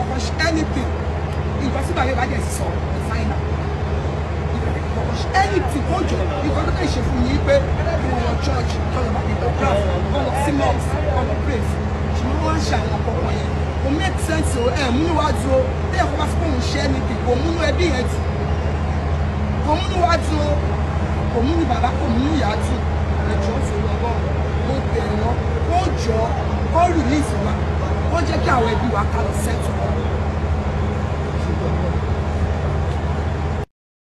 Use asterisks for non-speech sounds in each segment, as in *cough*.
kọ́kọ́ ṣe anything nǹkan tí bàbá ìbàdàn sọ ìfáìnà ìbẹ̀rẹ̀ kọ́kọ́ ṣe anything ó jọ nǹkan tó kàn ṣe fún yín pé kí church kọ́ lọ bàbá ìbàdàn kọ́ lọ sí mosque kọ́ lọ pray fún ṣùgbọ́n wọ́n ń ṣe àwọn kọ̀ọ̀kan yẹn kò make sense o ẹ̀ wọ́n jẹ́ kí àwọn ẹbí wa ká lọ sẹ́tù.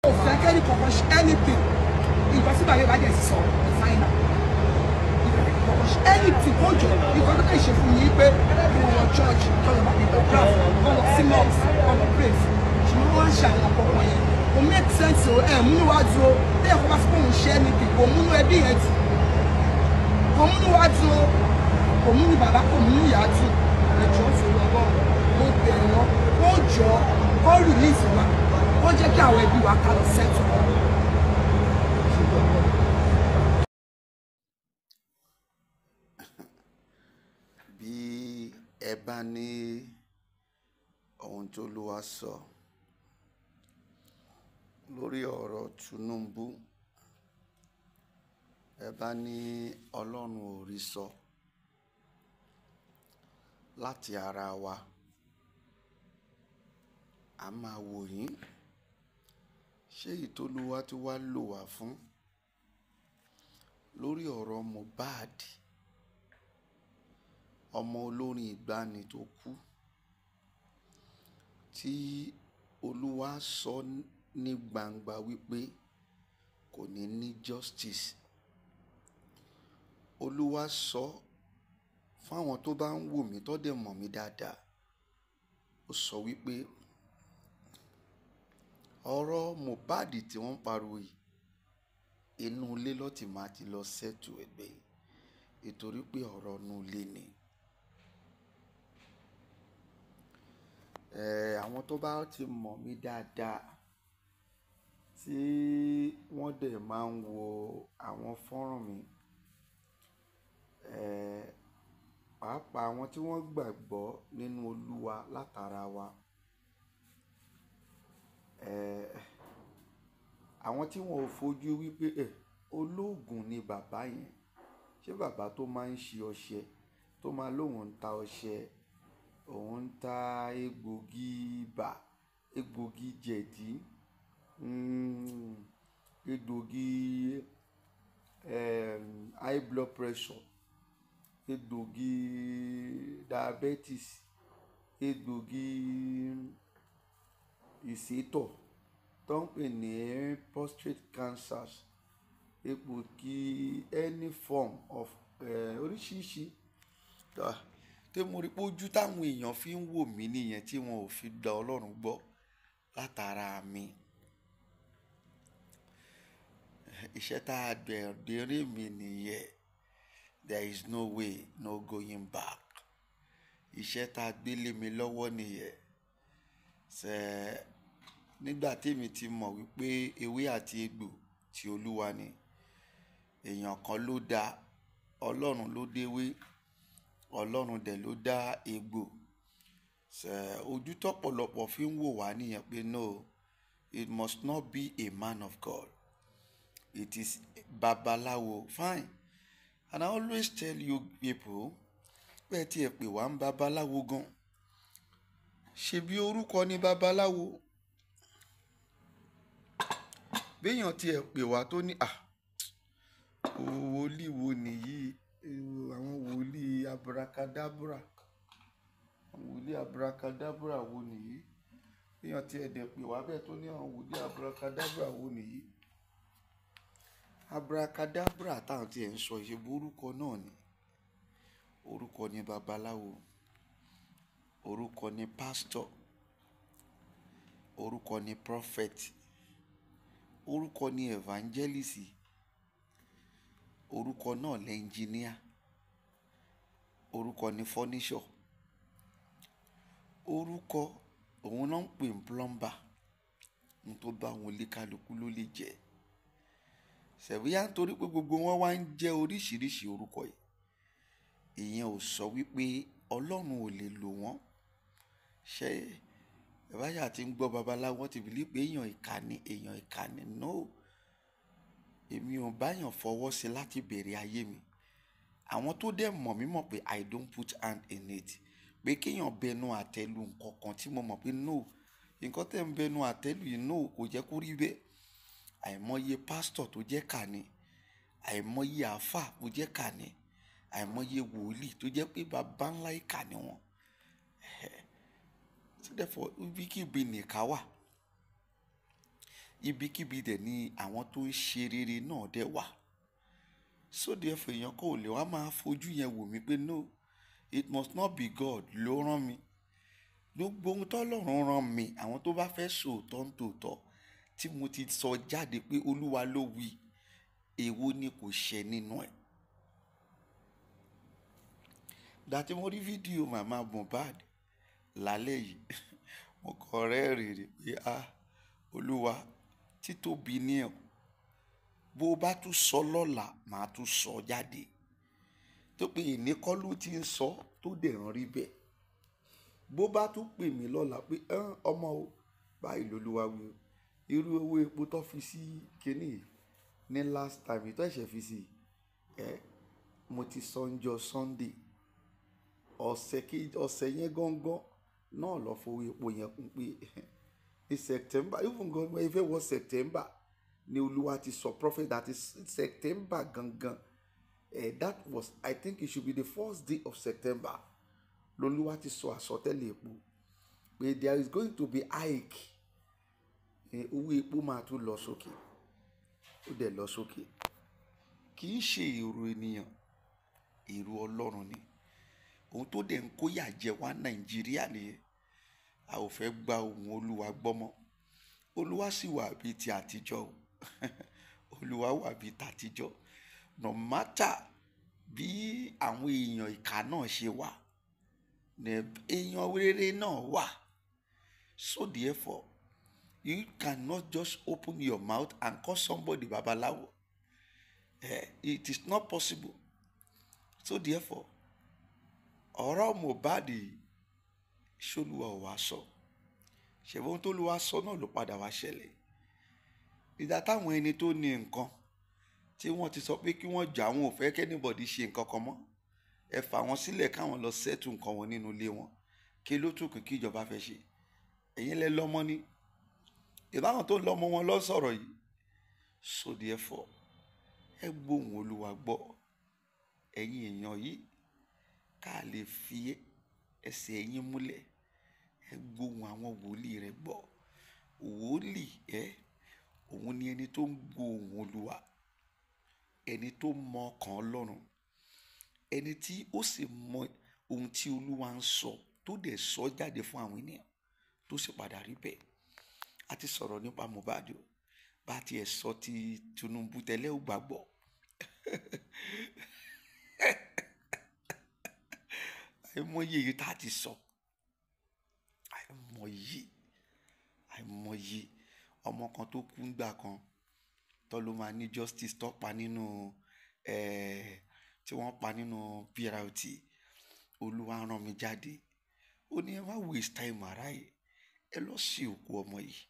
mo fẹ́ kẹ́ni kọ̀ọ̀kan ṣe anything ìgbọ́n sí bàbá ìbàdàn sọ ìfáìnà anything kó jọ ìgbọ́n tó kẹ́ ṣe fún yín pé mo lọ church kọ́ lọ bàbá ìbàdàn kọ́ lọ sí mosque kọ́ lọ pray fún ṣùgbọ́n wọ́n ń ṣe àwọn àkọ́kọ́ yẹn kò make sense o ẹ̀ múnú wá dúró lẹ́yìn kó bá fún òun ṣe anything kò múnú ẹbí yẹn dùn kò múnú wá dúró kò múnú bàbá kò múnú ìyá dùn ẹ̀jọ́ sórí ọlọ́run mo bẹ̀ wọ́n ó jọ ó rìlíìsì wa ó jẹ́ kí àwọn ẹbí wa kalọ̀ sẹ́tù wọn. bí ẹ bá ní ohun tó lúwa sọ lórí ọ̀rọ̀ Tinubu ẹ bá ní ọlọ́run ò rí sọ. So láti ara wa a máa wò yín ṣé ìtòlúwa tí wàá lò wá fún lórí ọ̀rọ̀ Mohbad ọmọ olórin ìgbàanì tó kú tí olúwa sọ ní gbangba wípé kò ní ní justice olúwa sọ. So fáwọn tó bá ń wò mí tó dẹ̀ mọ̀ mí dáadáa ó sọ wípé ọ̀rọ̀ Mohbad tí wọ́n ń pariwo yìí inú ilé lọ́tì máa ti lọ sẹ́tù ẹgbẹ́ ìtorí pé ọ̀rọ̀ inú ilé ni. àwọn tó bá ti mọ̀ mí dáadáa tí wọ́n dẹ̀ máa ń wo àwọn fọ́nrán mi. Eh, pàápàá àwọn tí wọ́n gbàgbọ́ nínú Olúwa látara wa. Àwọn tí wọn ò fojú wípé ẹ̀ olóògùn ni bàbá yẹn ṣé bàbá tó máa ń ṣe ọṣẹ tó máa lóun ń ta ọṣẹ òun ń ta egbògi ibà egbògi jẹ̀dí hmm, egbògi high blood pressure egbògi diabetes egbògi ìsétọ̀ tó ń pè ní prostate cancers egbògi any form of eh, oríṣiríṣi tí mo rí pé ojú táwọn èèyàn fi ń wò mí nìyẹn tí wọn ò fi gba ọlọ́run gbọ́ látara mi iṣẹ́ tá a bẹ̀rẹ̀ mi nìyẹn there is no way no going back iṣẹ́ tá a gbé lé mi lọ́wọ́ nìyẹn ṣe nígbà tèmi ti mọ̀ wípé ewé àti egbò ti olúwa ni èèyàn kan ló dá ọlọ́run ló déwé ọlọ́run dẹ̀ ló dá egbò ṣe ojú tọ́pọ̀lọpọ̀ fi ń wò wá nìyẹn pé no it must not be a man of God it is babaláwo fine and I always tell you people pé ẹ tiẹ̀ pè wá ń babaláwo gan ṣebí orúkọ ni babaláwo béèyàn tiẹ̀ pè wá tó ní à wòlíì wo nìyí àwọn wòlíì abracadabra wòlíì abracadabra wo nìyí béèyàn tiẹ̀ dẹ̀ pè wá bẹ́ẹ̀ tó ní àwọn wòlíì abracadabra wo nìyí abracadabra táwọn ti ẹ̀ ń sọ ìṣe orúkọ náà ni orúkọ ni babaláwo orúkọ ni pásítọ̀ orúkọ ni prophet orúkọ ni evangelist orúkọ náà lẹ́ńjìníà orúkọ ni fọ́níṣọ̀ orúkọ òun náà ń pè ń plọ́mbà ní tó bá wọn lé kálukú ló lè jẹ́ ṣẹ̀bíyá torí pé gbogbo wọn wá ń jẹ́ oríṣiríṣi orúkọ yìí ìyẹn ò sọ wípé ọlọ́run ò lè lò wọ́n ṣe ìbáṣà ti ń gbọ́ babaláwo ti bìlí pé èèyàn ìkà èèyàn ìkà no èmi ò báyàn fọwọ́ sí láti bèrè ayé mi àwọn tó dẹ̀ mọ̀ mí mọ̀ pé i don't put hand in it pé kéèyàn bẹnu àtẹ́lù nǹkan kan tí mo mọ̀ pé no nǹkan tẹ̀ ń bẹnu àtẹ́lù yìí no kò jẹ́ kó rí bẹ́ẹ̀ àìmọye pásítọ̀ tó jẹ́ kàní àìmọye àáfà tó jẹ́ kàní àìmọye wòlíì tó jẹ́ pé bàbá ńlá ìkà ni wọ́n so therefore ibikíbi nìka wà ibikíbi dẹ̀ ni àwọn tó ń ṣe rere náà dẹ̀ wà so therefore èèyàn kò lè wá máa fojú yẹn wò mí pé no it must not be God ló rán mi gbogbo ohun tọ́lọ́run rán mi àwọn tó bá fẹ́ sòótọ́ ń tòótọ́ tí mo ti sọ jáde pé olúwa ló wí èwo ni kò ṣẹ nínú ẹ̀. dàtí mo rí fídíò màmá Mohbad lálẹ́ yìí *laughs* mo kọ rẹ́rìn-ín pé ah olúwa títóbi ni ọ́ bó o bá tún sọ lọ́la màá tún sọ jáde tó pé ìníkọ́ ló ti ń sọ tó dẹ̀ ń rí bẹ́ẹ̀ bó bá tún pè mí lọ́la pé ọmọ o báyìí lolúwa wí o irú owó epo tó fi sí kínní ní last time tó ẹ̀ṣẹ̀ fi sí ẹ mo ti sọ Sunday ọ̀sẹ̀ kejì ọ̀sẹ̀ yẹn gángan náà lọ fowó epo yẹn kún pé *laughs* ní September even gan ẹ fẹ́ wọ September ni olúwa ti sọ prophet that is September gangan eh, that was I think it should be the first day of September lolúwa ti sọ àsọtẹ́lẹ̀ epo pé there is going to be hike owó epo máa tún lọ sókè ó dẹ̀ lọ sókè kì í ṣe èrò ènìyàn èrò ọlọ́run ni ohun tó dẹ̀ ń kóyà jẹ wá nàìjíríà nìyẹn a ò fẹ́ gba ohun olúwa gbọ́mọ́ olúwa sì wà bíi ti àtijọ́ *laughs* olúwa wà bíi tàtijọ́ no matter bí àwọn èèyàn ìka náà ṣe wà èèyàn rere náà wà so therefore you cannot just open your mouth and call somebody babalawo eh, it is not possible so therefore ọ̀rọ̀ Mohbad ṣolúwa ò wá sọ ṣẹ̀fọ́n tó lù wá sọ náà ló padà wá ṣẹlẹ̀ ìdá táwọn ẹni tó ní nǹkan tí wọ́n ti sọ pé kí wọ́n jà wọn ò fẹ́ kẹ́nìbọ̀dì ṣe nǹkan kan mọ́ ẹ fà wọ́n sílẹ̀ káwọn lọ sẹ́tù nǹkan wọn nínú ilé wọn kí ló tún kí ìjọba fẹ́ ṣe ẹ̀yin lẹ lọ́mọ ni ìbáwọn tó ń lọ́mọ wọn lọ sọ̀rọ̀ yìí so therefore ẹ gbóhùn olúwa gbọ́ ẹ̀yin èèyàn yìí ká lè fi ẹsẹ̀ ẹ̀yin múlẹ̀ ẹ gbóhùn àwọn wòlíì rẹ̀ gbọ́ wòlíì ẹ òun ni ẹni tó ń gbóhùn olúwa ẹni tó mọ ọkàn ọlọ́run ẹni tí ó sì mọ ohun tí olúwa ń sọ tó dẹ̀ sọ jáde fún àwọn ènìyàn tó sì padà rí bẹ́ẹ̀ a ti sọ̀rọ̀ nípa Mohbad o bá tiẹ̀ sọ ti Tinubu tẹ́lẹ̀ ò gbàgbọ́ àìmọye yìí tá a ti sọ àìmọye àìmọye ọmọ kan tó kú ńgbà kan tó ló máa ní justice tó pa nínú ẹ tí wọ́n pa nínú BRT olúwa rán mi jáde ó ní ẹ má waste time ara yìí ẹ lọ sí òkú ọmọ yìí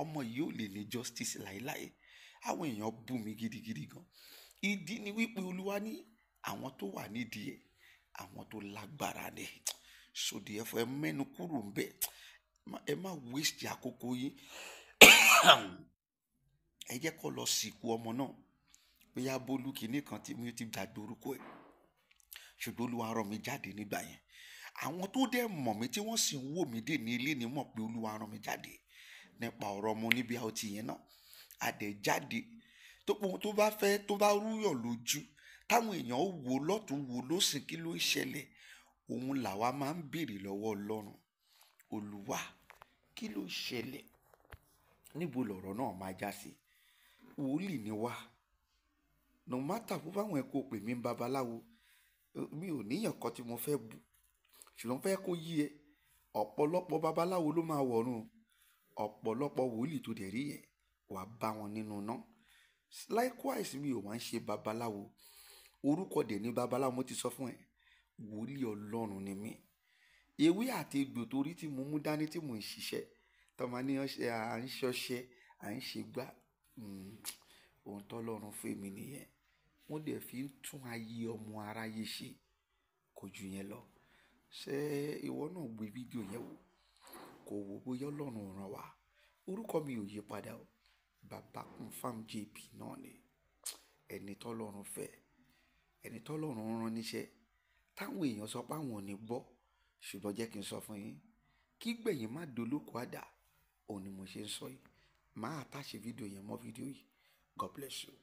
ọmọ yìí ò lè ní justice láéláé àwọn èèyàn bú mi gidigidi gan ìdí ni wípé olúwa ní àwọn tó wà nídìí ẹ̀ àwọn tó lágbára ni sòdì ẹ̀fọ́ ẹ mẹ́nu kúrò ń bẹ̀ ẹ má waste àkókò yín ẹ jẹ́ kó lọ sìnkú ọmọ náà bóyá bólú kìíní kan tí mi ti gbàgbé orúkọ ẹ̀ ṣùgbọ́n olúwa rán mi jáde nígbà yẹn àwọn tó dẹ̀ mọ̀ mí tí wọ́n sì ń wò mí dè ní ilé ni mọ̀ pé olúwa rán mi jáde nípa ọ̀rọ̀ ọmọ oníbíàótì yẹn náà àdẹ̀jáde tó pọ̀ tó bá fẹ́ tó bá rúyàn lójú táwọn èèyàn ó wò lọ́tún wò lọ́sìn kí ló ń ṣẹlẹ̀ òun làwa máa ń béèrè lọ́wọ́ ọlọ́run olúwa kí ló ṣẹlẹ̀ níbo lọ̀rọ̀ náà máa já sí wòlíì ni wá no matter bó báwọn ẹ̀kọ́ pè mí babaláwo mi ò níyàn kan tí mo fẹ́ bù ṣùgbọ́n fẹ́ kó yí ẹ ọ̀pọ̀lọpọ̀ babaláwo ló máa wọ̀run ọ̀pọ̀lọpọ̀ wòlíì tó dẹ̀ rí yẹn wàá bá wọn nínú ná likewise mi ò wá ń ṣe babaláwo orúkọ dẹ̀ ní babaláwo mo ti sọ fún ẹ wòlíì ọlọ́run ni mí ewé àti egbò torí tí mo mú dání tí mo ń ṣiṣẹ́ tọ́mọ ní à ń ṣọṣẹ́ à ń ṣe gbá hmm, ohun tọ́lọ́run fún mi nìyẹn wọ́n dẹ̀ fi ń tún ayé ọmọ aráyé ṣe kò jù yẹn lọ ṣé ìwọ náà gbé fídíò yẹn wò kó wo bóyá ọlọ́run ràn wá orúkọ mi ò yí padà o bàbá confam jp náà ni ẹni tọ́lọ́run fẹ́ ẹni tọ́lọ́run rán níṣẹ́ táwọn èèyàn sọ pé àwọn ò ní gbọ́ ṣùgbọ́n jẹ́ kí n sọ fún yín kí gbẹ̀yìn má dolóko àdá òun ni mo ṣe ń sọ yìí máa táṣe fídíò yẹn mọ́ fídíò yìí God bless you.